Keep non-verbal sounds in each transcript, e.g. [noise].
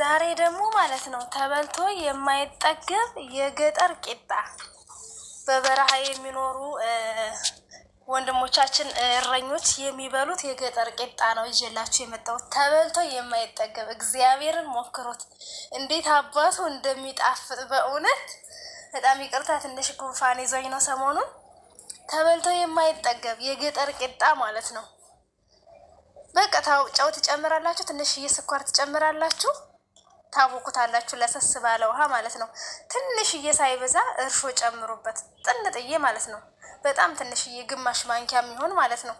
ዛሬ ደግሞ ማለት ነው ተበልቶ የማይጠገብ የገጠር ቂጣ በበረሃ የሚኖሩ ወንድሞቻችን እረኞች የሚበሉት የገጠር ቂጣ ነው ይዤላችሁ የመጣሁት። ተበልቶ የማይጠገብ እግዚአብሔርን ሞክሩት፣ እንዴት አባቱ እንደሚጣፍጥ በእውነት በጣም ይቅርታ፣ ትንሽ ጉንፋን ይዞኝ ነው ሰሞኑን። ተበልቶ የማይጠገብ የገጠር ቂጣ ማለት ነው። በቃ ጨው ትጨምራላችሁ፣ ትንሽዬ ስኳር ትጨምራላችሁ። ታቦኩታላችሁ ለሰስ ባለ ውሃ ማለት ነው። ትንሽዬ ሳይበዛ እርሾ ጨምሩበት ጥንጥዬ ማለት ነው። በጣም ትንሽዬ ግማሽ ማንኪያ የሚሆን ማለት ነው።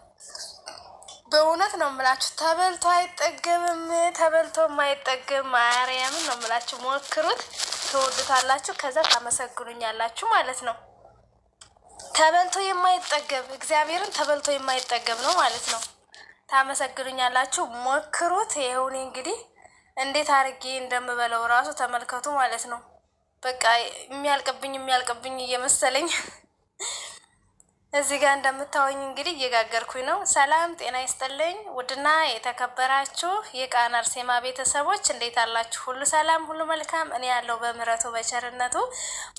በእውነት ነው የምላችሁ ተበልቶ አይጠገምም ተበልቶ የማይጠገም ማርያምን ነው የምላችሁ። ሞክሩት፣ ትወዱታላችሁ፣ ከዛ ታመሰግኑኛላችሁ ማለት ነው። ተበልቶ የማይጠገም እግዚአብሔርን ተበልቶ የማይጠገብ ነው ማለት ነው። ታመሰግኑኛላችሁ፣ ሞክሩት። ይኸው እንግዲህ እንዴት አርጌ እንደምበለው ራሱ ተመልከቱ ማለት ነው። በቃ የሚያልቅብኝ የሚያልቅብኝ እየመሰለኝ [laughs] እዚህ ጋር እንደምታወኝ እንግዲህ እየጋገርኩኝ ነው። ሰላም ጤና ይስጥልኝ። ውድና የተከበራችሁ የቃና አርሴማ ቤተሰቦች እንዴት አላችሁ? ሁሉ ሰላም፣ ሁሉ መልካም። እኔ ያለው በምረቱ በቸርነቱ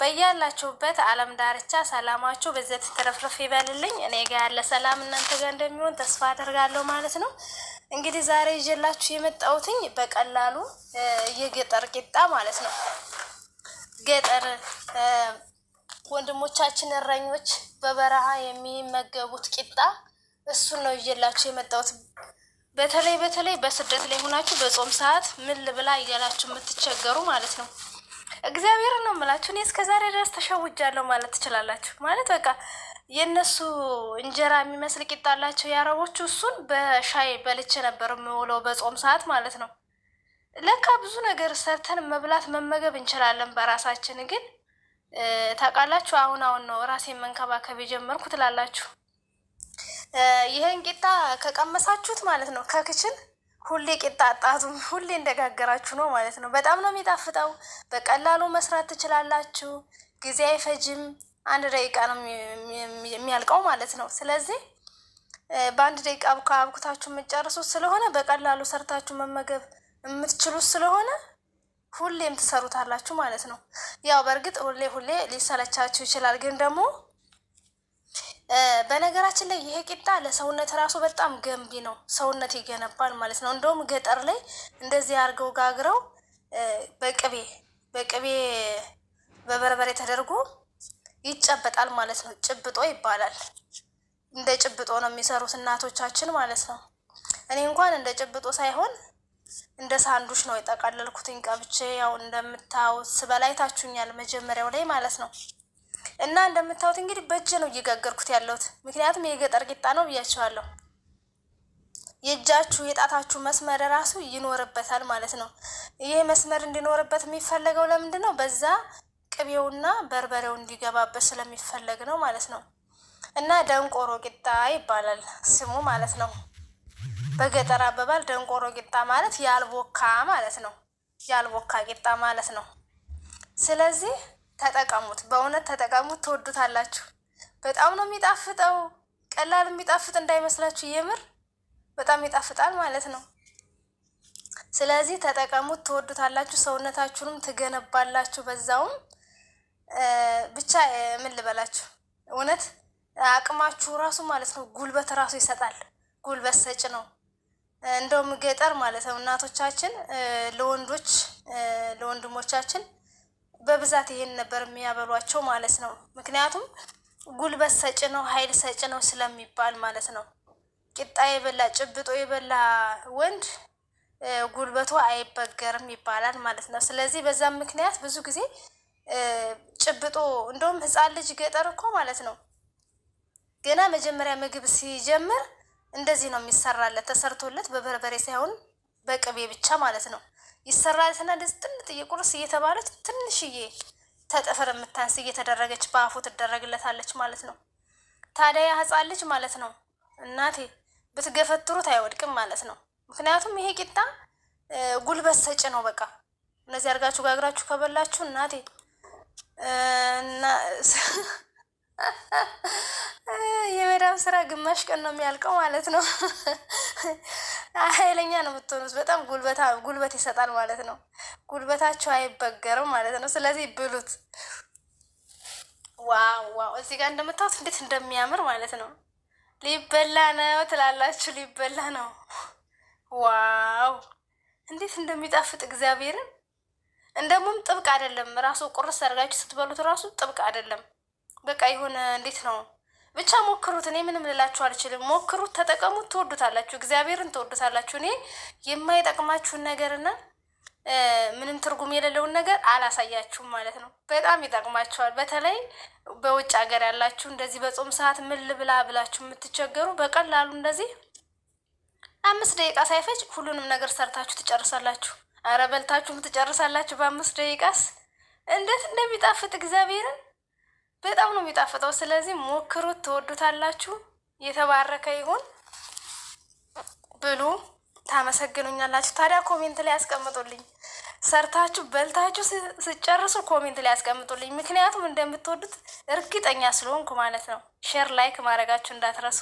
በያላችሁበት ዓለም ዳርቻ ሰላማችሁ በዘት ትረፍረፍ ይበልልኝ። እኔ ጋር ያለ ሰላም እናንተ ጋር እንደሚሆን ተስፋ አደርጋለሁ ማለት ነው። እንግዲህ ዛሬ ይዤላችሁ የመጣሁትኝ በቀላሉ የገጠር ቂጣ ማለት ነው። ገጠር ወንድሞቻችን እረኞች በበረሃ የሚመገቡት ቂጣ እሱን ነው ይዤላችሁ የመጣሁት። በተለይ በተለይ በስደት ላይ ሆናችሁ በጾም ሰዓት ምን ልብላ እያላችሁ የምትቸገሩ ማለት ነው። እግዚአብሔር ነው የምላችሁ። እኔ እስከ ዛሬ ድረስ ተሸውጃለሁ ማለት ትችላላችሁ። ማለት በቃ የእነሱ እንጀራ የሚመስል ቂጣ አላቸው የአረቦቹ። እሱን በሻይ በልቼ ነበር የምውለው በጾም ሰዓት ማለት ነው። ለካ ብዙ ነገር ሰርተን መብላት መመገብ እንችላለን በራሳችን። ግን ታውቃላችሁ፣ አሁን አሁን ነው ራሴን መንከባከብ የጀመርኩ ትላላችሁ። ይህን ቂጣ ከቀመሳችሁት ማለት ነው ከክችን ሁሌ ቂጣ አጣቱ ሁሌ እንደጋገራችሁ ነው ማለት ነው። በጣም ነው የሚጣፍጠው። በቀላሉ መስራት ትችላላችሁ። ጊዜ አይፈጅም። አንድ ደቂቃ ነው የሚያልቀው ማለት ነው። ስለዚህ በአንድ ደቂቃ አብኩታችሁ የምጨርሱ ስለሆነ በቀላሉ ሰርታችሁ መመገብ የምትችሉ ስለሆነ ሁሌም ትሰሩታላችሁ ማለት ነው። ያው በእርግጥ ሁሌ ሁሌ ሊሰለቻችሁ ይችላል፣ ግን ደግሞ በነገራችን ላይ ይሄ ቂጣ ለሰውነት ራሱ በጣም ገንቢ ነው። ሰውነት ይገነባል ማለት ነው። እንደውም ገጠር ላይ እንደዚህ አድርገው ጋግረው በቅቤ በቅቤ በበርበሬ ተደርጎ ይጨበጣል ማለት ነው። ጭብጦ ይባላል። እንደ ጭብጦ ነው የሚሰሩት እናቶቻችን ማለት ነው። እኔ እንኳን እንደ ጭብጦ ሳይሆን እንደ ሳንዱሽ ነው የጠቃለልኩትኝ ቀብቼ። ያው እንደምታዩት ስበላይታችሁኛል መጀመሪያው ላይ ማለት ነው። እና እንደምታዩት እንግዲህ በእጅ ነው እየጋገርኩት ያለሁት ምክንያቱም የገጠር ቂጣ ነው ብያቸዋለሁ። የእጃችሁ የጣታችሁ መስመር ራሱ ይኖርበታል ማለት ነው። ይሄ መስመር እንዲኖርበት የሚፈለገው ለምንድን ነው? በዛ ቅቤውና በርበሬው እንዲገባበት ስለሚፈለግ ነው ማለት ነው። እና ደንቆሮ ቂጣ ይባላል ስሙ ማለት ነው። በገጠር አበባል ደንቆሮ ቂጣ ማለት ያልቦካ ማለት ነው። ያልቦካ ቂጣ ማለት ነው። ስለዚህ ተጠቀሙት፣ በእውነት ተጠቀሙት፣ ትወዱታላችሁ። በጣም ነው የሚጣፍጠው። ቀላል የሚጣፍጥ እንዳይመስላችሁ፣ የምር በጣም ይጣፍጣል ማለት ነው። ስለዚህ ተጠቀሙት፣ ትወዱታላችሁ፣ ሰውነታችሁንም ትገነባላችሁ በዛውም ብቻ ምን ልበላችሁ፣ እውነት አቅማችሁ ራሱ ማለት ነው ጉልበት ራሱ ይሰጣል። ጉልበት ሰጭ ነው። እንደውም ገጠር ማለት ነው እናቶቻችን ለወንዶች ለወንድሞቻችን በብዛት ይሄን ነበር የሚያበሏቸው ማለት ነው። ምክንያቱም ጉልበት ሰጭ ነው፣ ኃይል ሰጭ ነው ስለሚባል ማለት ነው። ቂጣ የበላ ጭብጦ የበላ ወንድ ጉልበቱ አይበገርም ይባላል ማለት ነው። ስለዚህ በዛም ምክንያት ብዙ ጊዜ ጭብጦ እንደውም ህፃን ልጅ ገጠር እኮ ማለት ነው ገና መጀመሪያ ምግብ ሲጀምር እንደዚህ ነው የሚሰራለት፣ ተሰርቶለት በበርበሬ ሳይሆን በቅቤ ብቻ ማለት ነው ይሰራለትና እንደዚህ ጥልጥዬ ቁርስ እየተባለች ትንሽዬ ተጥፍር የምታንስ እየተደረገች በአፉ ትደረግለታለች ማለት ነው። ታዲያ ያ ህፃን ልጅ ማለት ነው እናቴ ብትገፈትሩት አይወድቅም ማለት ነው። ምክንያቱም ይሄ ቂጣ ጉልበት ሰጭ ነው። በቃ እነዚህ አድርጋችሁ ጋግራችሁ ከበላችሁ እናቴ የመዳም ስራ ግማሽ ቀን ነው የሚያልቀው ማለት ነው። ኃይለኛ ነው የምትሆኑት። በጣም ጉልበታ ጉልበት ይሰጣል ማለት ነው። ጉልበታቸው አይበገርም ማለት ነው። ስለዚህ ብሉት። ዋው ዋው! እዚህ ጋር እንደምታዩት እንዴት እንደሚያምር ማለት ነው። ሊበላ ነው ትላላችሁ፣ ሊበላ ነው። ዋው! እንዴት እንደሚጣፍጥ እግዚአብሔርን እንደሙም ጥብቅ አይደለም። ራሱ ቁርስ አድርጋችሁ ስትበሉት ራሱ ጥብቅ አይደለም። በቃ የሆነ እንዴት ነው ብቻ ሞክሩት። እኔ ምንም ልላችሁ አልችልም። ሞክሩት፣ ተጠቀሙት፣ ትወዱታላችሁ። እግዚአብሔርን ትወዱታላችሁ። እኔ የማይጠቅማችሁን ነገርና ምንም ትርጉም የሌለውን ነገር አላሳያችሁም ማለት ነው። በጣም ይጠቅማችኋል። በተለይ በውጭ ሀገር ያላችሁ እንደዚህ በጾም ሰዓት ምን ልብላ ብላችሁ የምትቸገሩ በቀላሉ እንደዚህ አምስት ደቂቃ ሳይፈጅ ሁሉንም ነገር ሰርታችሁ ትጨርሳላችሁ። አረ በልታችሁም ትጨርሳላችሁ በአምስት ደቂቃስ። እንዴት እንደሚጣፍጥ እግዚአብሔርን በጣም ነው የሚጣፍጠው። ስለዚህ ሞክሩት፣ ትወዱታላችሁ። የተባረከ ይሁን ብሉ፣ ታመሰግኑኛላችሁ። ታዲያ ኮሜንት ላይ ያስቀምጡልኝ። ሰርታችሁ በልታችሁ ስጨርሱ ኮሜንት ላይ ያስቀምጡልኝ። ምክንያቱም እንደምትወዱት እርግጠኛ ስለሆንኩ ማለት ነው። ሼር ላይክ ማድረጋችሁ እንዳትረሱ።